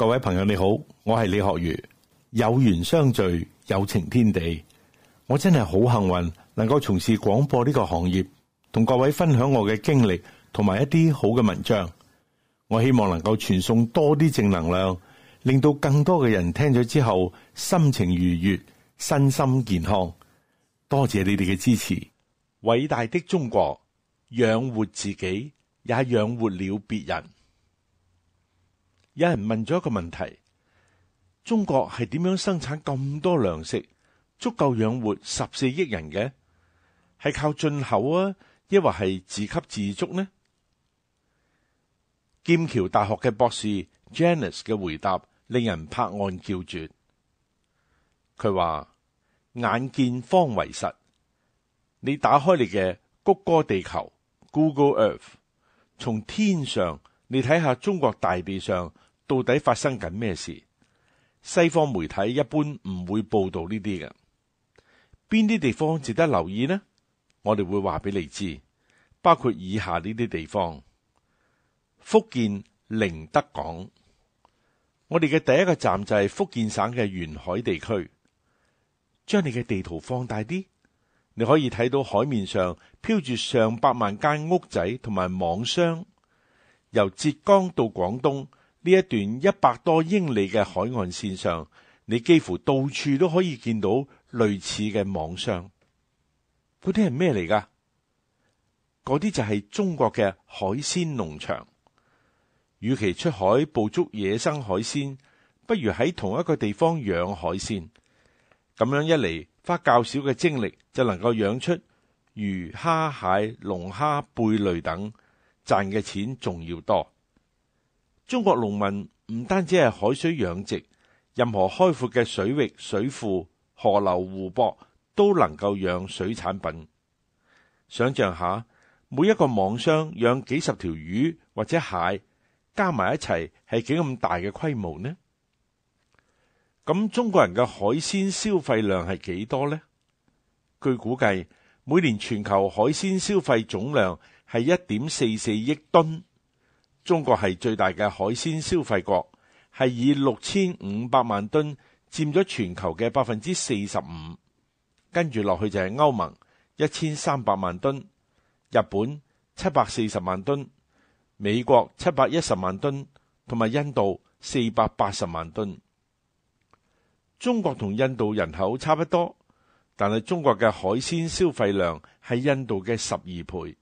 各位朋友你好，我係李學儒，有緣相聚，有情天地，我真係好幸運，能夠從事廣播呢個行業，同各位分享我嘅經歷，同埋一啲好嘅文章，我希望能夠傳送多啲正能量，令到更多嘅人聽咗之後心情愉悅，身心健康。多謝你哋嘅支持，偉大的中國養活自己，也養活了別人。有人問咗一個問題：中國係點樣生產咁多糧食，足夠養活十四億人嘅？係靠進口啊，抑或係自給自足呢？劍橋大學嘅博士 Janice 嘅回答令人拍案叫絕。佢話：眼見方為實，你打開你嘅谷歌地球 （Google Earth），從天上。你睇下中國大地上到底發生緊咩事？西方媒體一般唔會報道呢啲嘅。邊啲地方值得留意呢？我哋會話俾你知，包括以下呢啲地方：福建寧德港。我哋嘅第一個站就係福建省嘅沿海地區。將你嘅地圖放大啲，你可以睇到海面上漂住上百萬間屋仔同埋網箱。由浙江到廣東呢一段一百多英里嘅海岸線上，你幾乎到處都可以見到類似嘅網商，嗰啲係咩嚟噶？嗰啲就係中國嘅海鮮農場，與其出海捕捉野生海鮮，不如喺同一個地方養海鮮，咁樣一嚟，花較少嘅精力，就能夠養出魚蝦蟹、龍蝦、貝類等。賺嘅錢仲要多。中國農民唔單止係海水養殖，任何開闊嘅水域、水庫、河流、湖泊都能夠養水產品。想象下，每一個網箱養幾十條魚或者蟹，加埋一齊係幾咁大嘅規模呢？咁中國人嘅海鮮消費量係幾多呢？據估計，每年全球海鮮消費總量。係一點四四億噸，中國係最大嘅海鮮消費國，係以六千五百萬噸佔咗全球嘅百分之四十五。跟住落去就係歐盟一千三百萬噸，日本七百四十萬噸，美國七百一十萬噸，同埋印度四百八十萬噸。中國同印度人口差不多，但係中國嘅海鮮消費量係印度嘅十二倍。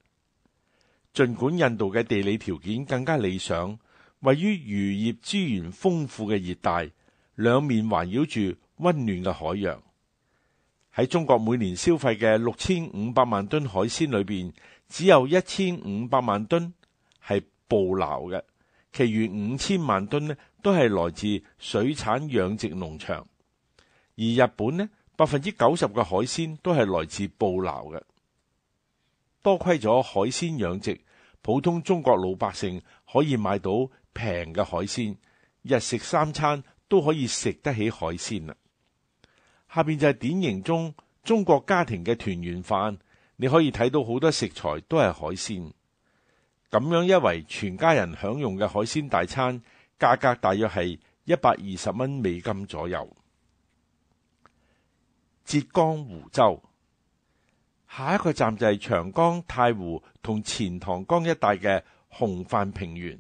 儘管印度嘅地理條件更加理想，位於漁業資源豐富嘅熱帶，兩面環繞住温暖嘅海洋。喺中國每年消費嘅六千五百萬噸海鮮裏邊，只有一千五百萬噸係捕撈嘅，其餘五千萬噸呢都係來自水產養殖農場。而日本呢，百分之九十嘅海鮮都係來自捕撈嘅。多虧咗海鮮養殖，普通中國老百姓可以買到平嘅海鮮，日食三餐都可以食得起海鮮啦。下邊就係典型中中國家庭嘅團圓飯，你可以睇到好多食材都係海鮮。咁樣一圍全家人享用嘅海鮮大餐，價格大約係一百二十蚊美金左右。浙江湖州。下一個站就係長江、太湖同錢塘江一帶嘅洪泛平原，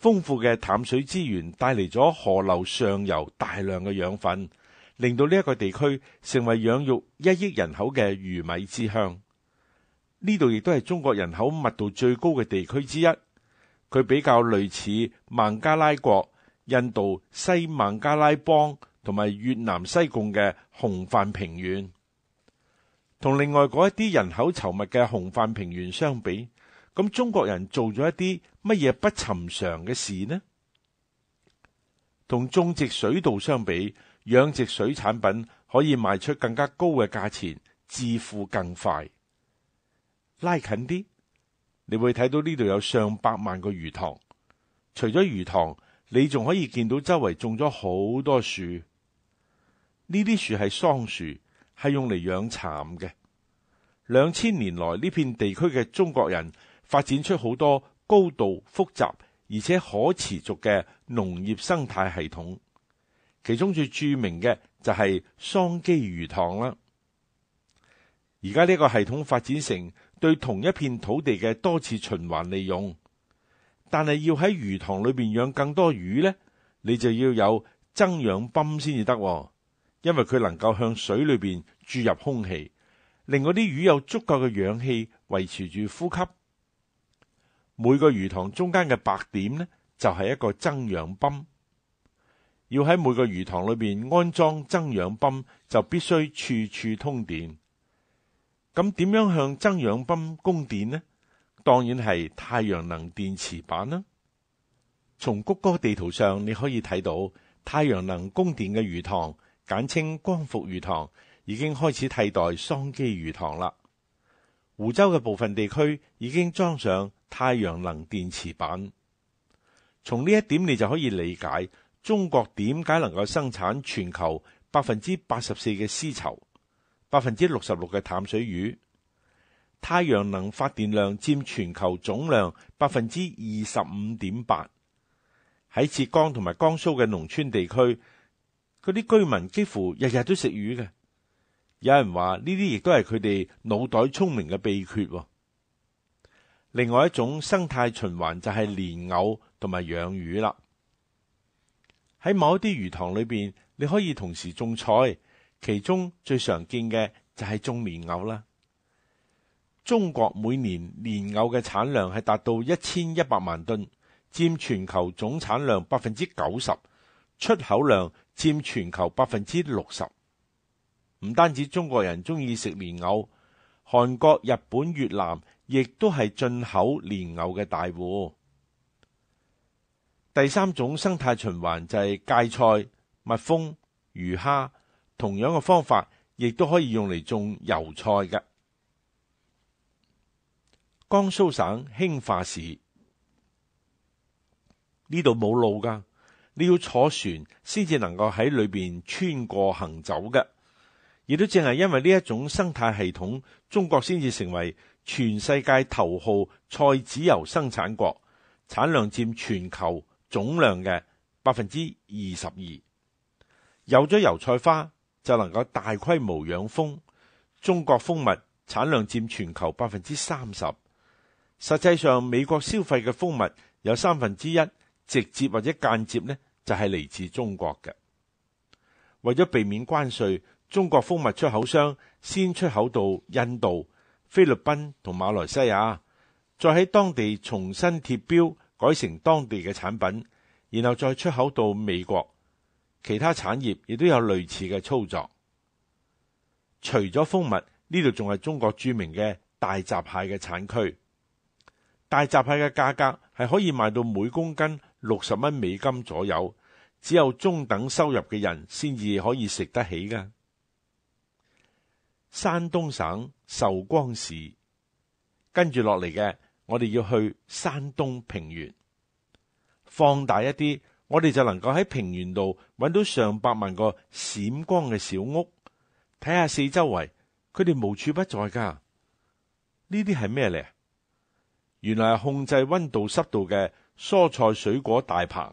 豐富嘅淡水資源帶嚟咗河流上游大量嘅養分，令到呢一個地區成為養育一億人口嘅魚米之鄉。呢度亦都係中國人口密度最高嘅地區之一，佢比較類似孟加拉國、印度西孟加拉邦同埋越南西貢嘅洪泛平原。同另外嗰一啲人口稠密嘅洪泛平原相比，咁中國人做咗一啲乜嘢不尋常嘅事呢？同種植水稻相比，養殖水產品可以賣出更加高嘅價錢，致富更快。拉近啲，你會睇到呢度有上百萬個魚塘。除咗魚塘，你仲可以見到周圍種咗好多樹。呢啲樹係桑樹。係用嚟養蠶嘅。兩千年來呢片地區嘅中國人發展出好多高度複雜而且可持續嘅農業生態系統，其中最著名嘅就係桑基魚塘啦。而家呢個系統發展成對同一片土地嘅多次循環利用，但係要喺魚塘裏邊養更多魚呢，你就要有增氧泵先至得。因為佢能夠向水裏邊注入空氣，令嗰啲魚有足夠嘅氧氣維持住呼吸。每個魚塘中間嘅白點呢，就係一個增氧泵。要喺每個魚塘裏邊安裝增氧泵，就必須處處通電。咁點樣向增氧泵供電呢？當然係太陽能電池板啦。從谷歌地圖上你可以睇到太陽能供電嘅魚塘。簡稱光伏魚塘已經開始替代桑基魚塘啦。湖州嘅部分地區已經裝上太陽能電池板。從呢一點你就可以理解中國點解能夠生產全球百分之八十四嘅絲綢、百分之六十六嘅淡水魚、太陽能發電量佔全球總量百分之二十五點八。喺浙江同埋江蘇嘅農村地區。嗰啲居民幾乎日日都食魚嘅，有人話呢啲亦都係佢哋腦袋聰明嘅秘訣。另外一種生態循環就係蓮藕同埋養魚啦。喺某一啲魚塘裏邊，你可以同時種菜，其中最常見嘅就係種蓮藕啦。中國每年蓮藕嘅產量係達到一千一百萬噸，佔全球總產量百分之九十。出口量佔全球百分之六十，唔單止中國人鍾意食蓮藕，韓國、日本、越南亦都係進口蓮藕嘅大戶。第三種生態循環就係芥菜、蜜蜂、魚蝦，同樣嘅方法亦都可以用嚟種油菜嘅。江蘇省興化市呢度冇路噶。你要坐船先至能夠喺裏邊穿過行走嘅，亦都正係因為呢一種生態系統，中國先至成為全世界頭號菜籽油生產國，產量佔全球總量嘅百分之二十二。有咗油菜花，就能夠大規模養蜂，中國蜂蜜產量佔全球百分之三十。實際上，美國消費嘅蜂蜜有三分之一直接或者間接呢。就係嚟自中國嘅。為咗避免關稅，中國蜂蜜出口商先出口到印度、菲律賓同馬來西亞，再喺當地重新貼標，改成當地嘅產品，然後再出口到美國。其他產業亦都有類似嘅操作。除咗蜂蜜，呢度仲係中國著名嘅大閘蟹嘅產區。大閘蟹嘅價格係可以賣到每公斤六十蚊美金左右。只有中等收入嘅人先至可以食得起噶。山東省壽光市跟住落嚟嘅，我哋要去山東平原，放大一啲，我哋就能夠喺平原度揾到上百萬個閃光嘅小屋，睇下四周圍，佢哋無處不在噶。呢啲係咩呢？原來係控制溫度濕度嘅蔬菜水果大棚。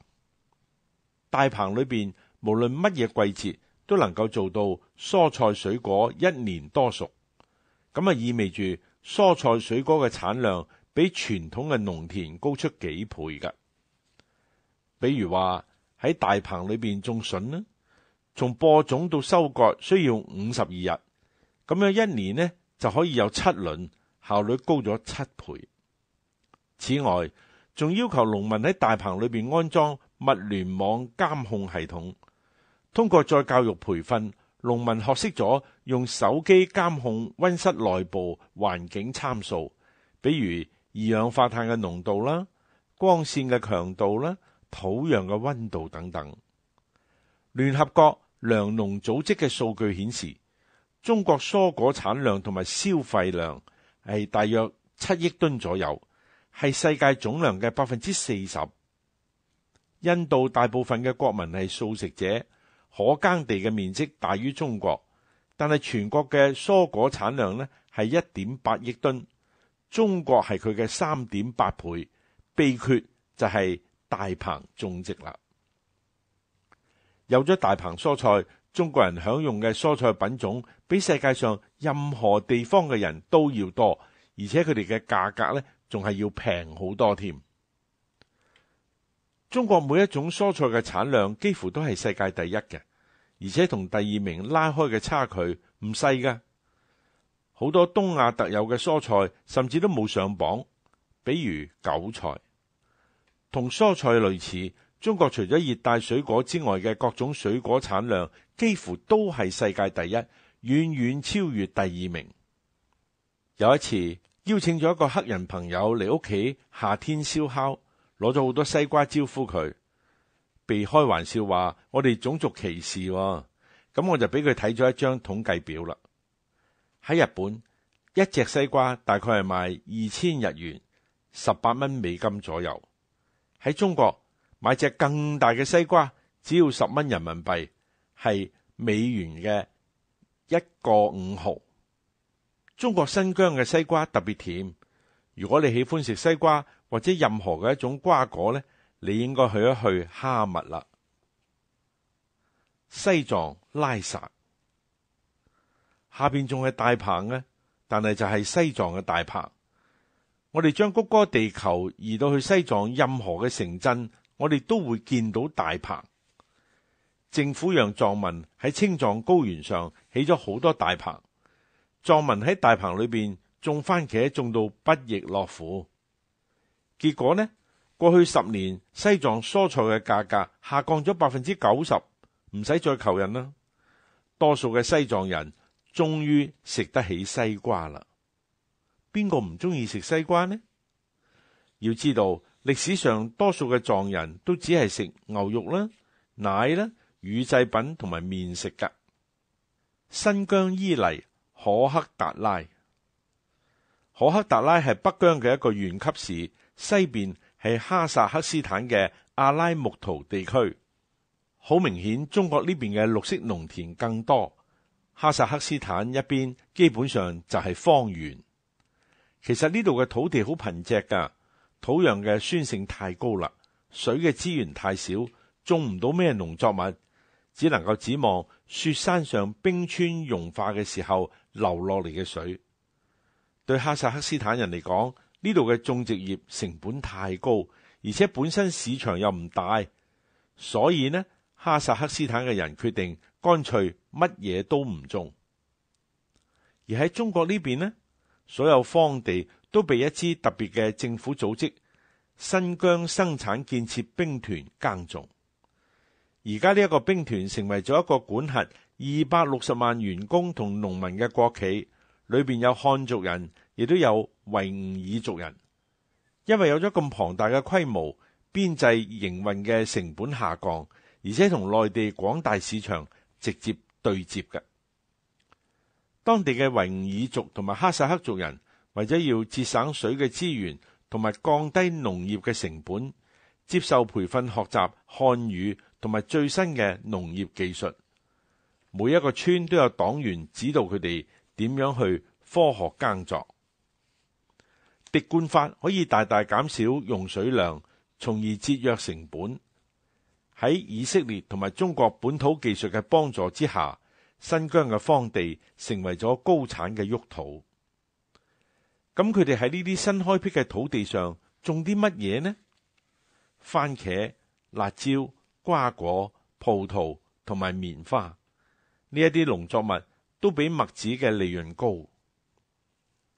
大棚裏邊無論乜嘢季節都能夠做到蔬菜水果一年多熟，咁啊意味住蔬菜水果嘅產量比傳統嘅農田高出幾倍㗎。比如話喺大棚裏邊種筍呢，從播種到收割需要五十二日，咁樣一年呢就可以有七輪，效率高咗七倍。此外，仲要求農民喺大棚裏邊安裝。物聯網監控系統，通過再教育培訓，農民學識咗用手機監控溫室內部環境參數，比如二氧化碳嘅濃度啦、光線嘅強度啦、土壤嘅溫度等等。聯合國糧農組織嘅數據顯示，中國蔬果產量同埋消費量係大約七億噸左右，係世界總量嘅百分之四十。印度大部分嘅國民係素食者，可耕地嘅面積大於中國，但係全國嘅蔬果產量呢係一點八億噸，中國係佢嘅三點八倍。秘訣就係大棚種植啦。有咗大棚蔬菜，中國人享用嘅蔬菜品種比世界上任何地方嘅人都要多，而且佢哋嘅價格呢仲係要平好多添。中國每一種蔬菜嘅產量幾乎都係世界第一嘅，而且同第二名拉開嘅差距唔細噶。好多東亞特有嘅蔬菜甚至都冇上榜，比如韭菜。同蔬菜類似，中國除咗熱帶水果之外嘅各種水果產量幾乎都係世界第一，遠遠超越第二名。有一次邀請咗一個黑人朋友嚟屋企，夏天燒烤。攞咗好多西瓜招呼佢，被開玩笑話我哋種族歧視啊，咁我就俾佢睇咗一張統計表啦。喺日本，一隻西瓜大概係賣二千日元，十八蚊美金左右。喺中國買隻更大嘅西瓜，只要十蚊人民幣，係美元嘅一個五毫。中國新疆嘅西瓜特別甜，如果你喜歡食西瓜。或者任何嘅一種瓜果咧，你應該去一去哈密啦。西藏拉薩下邊仲係大棚呢，但係就係西藏嘅大棚。我哋將谷歌地球移到去西藏，任何嘅城鎮，我哋都會見到大棚。政府讓藏民喺青藏高原上起咗好多大棚，藏民喺大棚裏邊種番茄，種到不亦樂乎。結果呢？過去十年，西藏蔬菜嘅價格下降咗百分之九十，唔使再求人啦。多數嘅西藏人終於食得起西瓜啦。邊個唔中意食西瓜呢？要知道歷史上多數嘅藏人都只係食牛肉啦、奶啦、乳製品同埋麵食㗎。新疆伊犁可克達拉，可克達拉係北疆嘅一個縣級市。西邊係哈薩克斯坦嘅阿拉木圖地區，好明顯中國呢邊嘅綠色農田更多，哈薩克斯坦一邊基本上就係荒原。其實呢度嘅土地好貧瘠噶，土壤嘅酸性太高啦，水嘅資源太少，種唔到咩農作物，只能夠指望雪山上冰川融化嘅時候流落嚟嘅水。對哈薩克斯坦人嚟講。呢度嘅種植業成本太高，而且本身市場又唔大，所以呢，哈薩克斯坦嘅人決定乾脆乜嘢都唔種。而喺中國呢邊呢，所有荒地都被一支特別嘅政府組織新疆生產建設兵團耕種。而家呢一個兵團成為咗一個管轄二百六十萬員工同農民嘅國企，裏邊有漢族人。亦都有維吾爾族人，因為有咗咁龐大嘅規模，編制營運嘅成本下降，而且同內地廣大市場直接對接嘅當地嘅維吾爾族同埋哈薩克族人，為咗要節省水嘅資源同埋降低農業嘅成本，接受培訓學習漢語同埋最新嘅農業技術。每一個村都有黨員指導佢哋點樣去科學耕作。滴灌法可以大大減少用水量，從而節約成本。喺以色列同埋中國本土技術嘅幫助之下，新疆嘅荒地成為咗高產嘅沃土。咁佢哋喺呢啲新開闢嘅土地上種啲乜嘢呢？番茄、辣椒、瓜果、葡萄同埋棉花呢一啲農作物都比麥子嘅利潤高。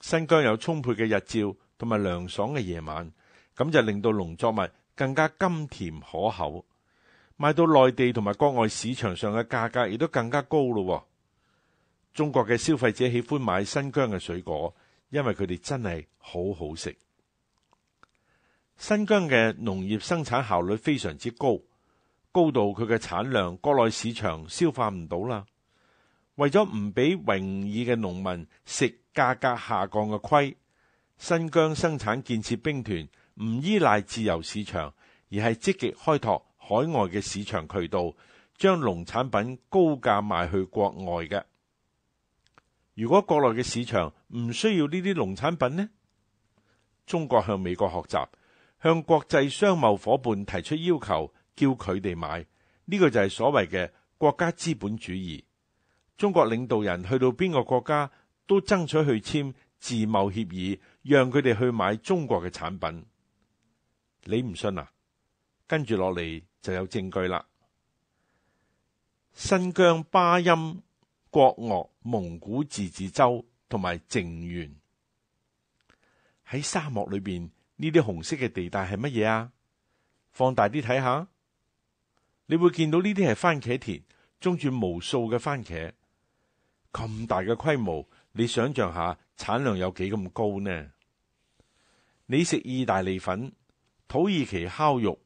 新疆有充沛嘅日照。同埋涼爽嘅夜晚，咁就令到農作物更加甘甜可口，賣到內地同埋國外市場上嘅價格，亦都更加高咯。中國嘅消費者喜歡買新疆嘅水果，因為佢哋真係好好食。新疆嘅農業生產效率非常之高，高到佢嘅產量國內市場消化唔到啦。為咗唔俾容易嘅農民食價格下降嘅虧。新疆生產建設兵團唔依賴自由市場，而係積極開拓海外嘅市場渠道，將農產品高價賣去國外嘅。如果國內嘅市場唔需要呢啲農產品呢？中國向美國學習，向國際商貿夥伴提出要求，叫佢哋買，呢個就係所謂嘅國家資本主義。中國領導人去到邊個國家都爭取去簽自貿協議。讓佢哋去買中國嘅產品，你唔信啊？跟住落嚟就有證據啦。新疆巴音郭楞蒙古自治州同埋靜源喺沙漠裏邊呢啲紅色嘅地帶係乜嘢啊？放大啲睇下，你會見到呢啲係番茄田，種住無數嘅番茄，咁大嘅規模，你想象下產量有幾咁高呢？你食意大利粉、土耳其烤肉，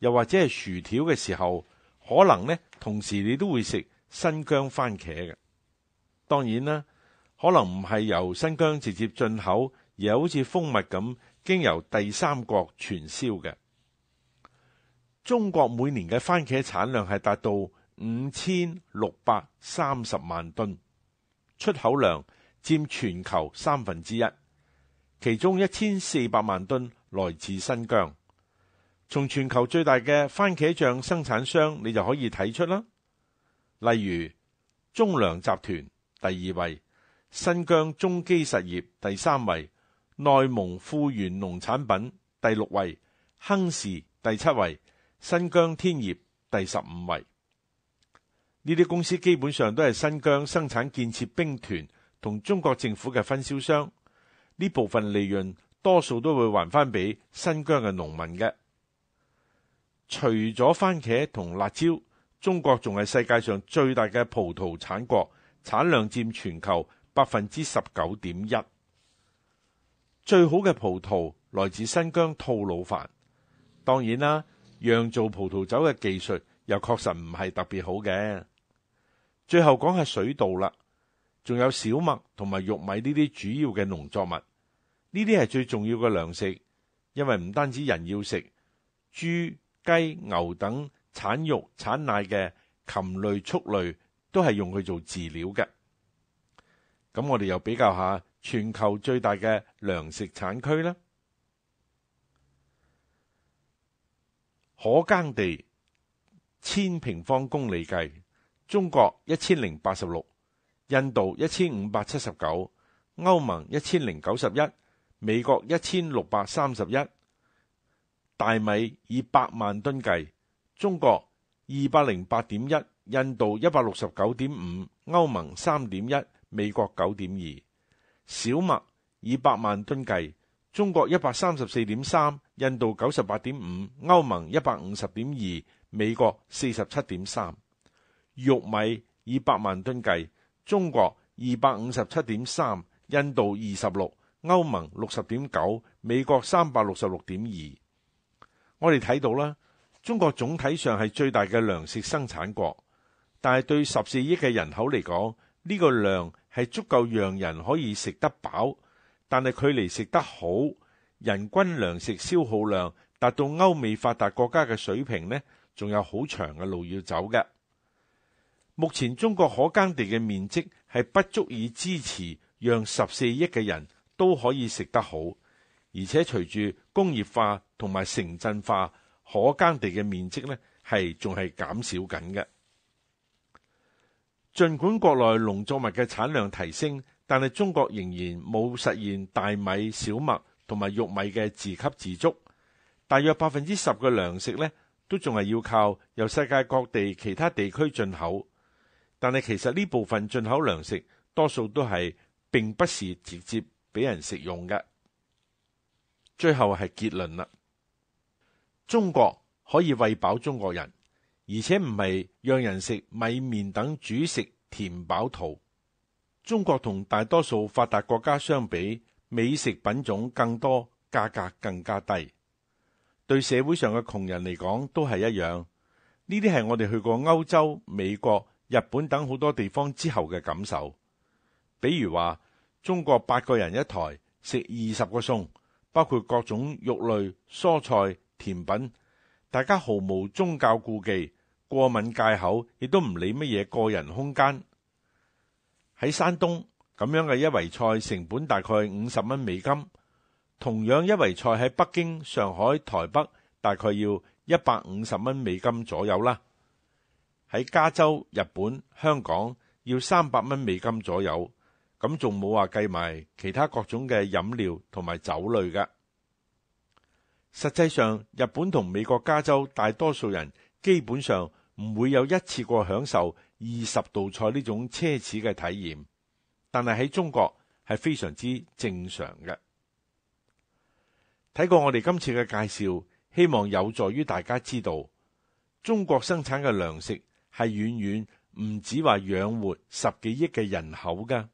又或者係薯條嘅時候，可能呢，同時你都會食新疆番茄嘅。當然啦，可能唔係由新疆直接進口，而好似蜂蜜咁，經由第三國傳銷嘅。中國每年嘅番茄產量係達到五千六百三十萬噸，出口量佔全球三分之一。其中一千四百萬噸來自新疆，從全球最大嘅番茄醬生產商，你就可以睇出啦。例如中糧集團第二位，新疆中基實業第三位，內蒙富源農產品第六位，亨氏第七位，新疆天業第十五位。呢啲公司基本上都係新疆生產建設兵團同中國政府嘅分銷商。呢部分利潤多數都會還返俾新疆嘅農民嘅。除咗番茄同辣椒，中國仲係世界上最大嘅葡萄產國，產量占全球百分之十九點一。最好嘅葡萄來自新疆吐魯番。當然啦，釀造葡萄酒嘅技術又確實唔係特別好嘅。最後講下水稻啦。仲有小麥同埋玉米呢啲主要嘅農作物，呢啲係最重要嘅糧食，因為唔單止人要食，豬、雞、牛等產肉、產奶嘅禽類、畜類都係用佢做飼料嘅。咁我哋又比較下全球最大嘅糧食產區啦，可耕地千平方公里計，中國一千零八十六，印度一千五百七十九，歐盟一千零九十一，美國一千六百三十一，大米以百萬噸計，中國二百零八點一，印度一百六十九點五，歐盟三點一，美國九點二。小麥以百萬噸計，中國一百三十四點三，印度九十八點五，歐盟一百五十點二，美國四十七點三。玉米以百萬噸計。中國二百五十七點三，印度二十六，歐盟六十點九，美國三百六十六點二。我哋睇到啦，中國總體上係最大嘅糧食生產國，但係對十四億嘅人口嚟講，呢個量係足夠讓人可以食得飽，但係距離食得好，人均糧食消耗量達到歐美發達國家嘅水平呢，仲有好長嘅路要走嘅。目前中國可耕地嘅面積係不足以支持讓十四億嘅人都可以食得好，而且隨住工業化同埋城鎮化，可耕地嘅面積呢係仲係減少緊嘅。盡管國內農作物嘅產量提升，但係中國仍然冇實現大米、小麥同埋玉米嘅自給自足，大約百分之十嘅糧食呢都仲係要靠由世界各地其他地區進口。但係，其實呢部分進口糧食多數都係並不是直接俾人食用嘅。最後係結論啦，中國可以餵飽中國人，而且唔係讓人米麵食米麵等主食填飽肚。中國同大多數發達國家相比，美食品種更多，價格更加低。對社會上嘅窮人嚟講都係一樣。呢啲係我哋去過歐洲、美國、日本等好多地方之後嘅感受，比如話中國八個人一枱，食二十個餸，包括各種肉類、蔬菜、甜品，大家毫無宗教顧忌、過敏戒口，亦都唔理乜嘢個人空間。喺山東咁樣嘅一圍菜成本大概五十蚊美金，同樣一圍菜喺北京、上海、台北大概要一百五十蚊美金左右啦。喺加州、日本、香港要三百蚊美金左右，咁仲冇話計埋其他各種嘅飲料同埋酒類㗎。實際上，日本同美國加州大多數人基本上唔會有一次過享受二十道菜呢種奢侈嘅體驗，但係喺中國係非常之正常嘅。睇過我哋今次嘅介紹，希望有助於大家知道中國生產嘅糧食，係遠遠唔止話養活十幾億嘅人口噶。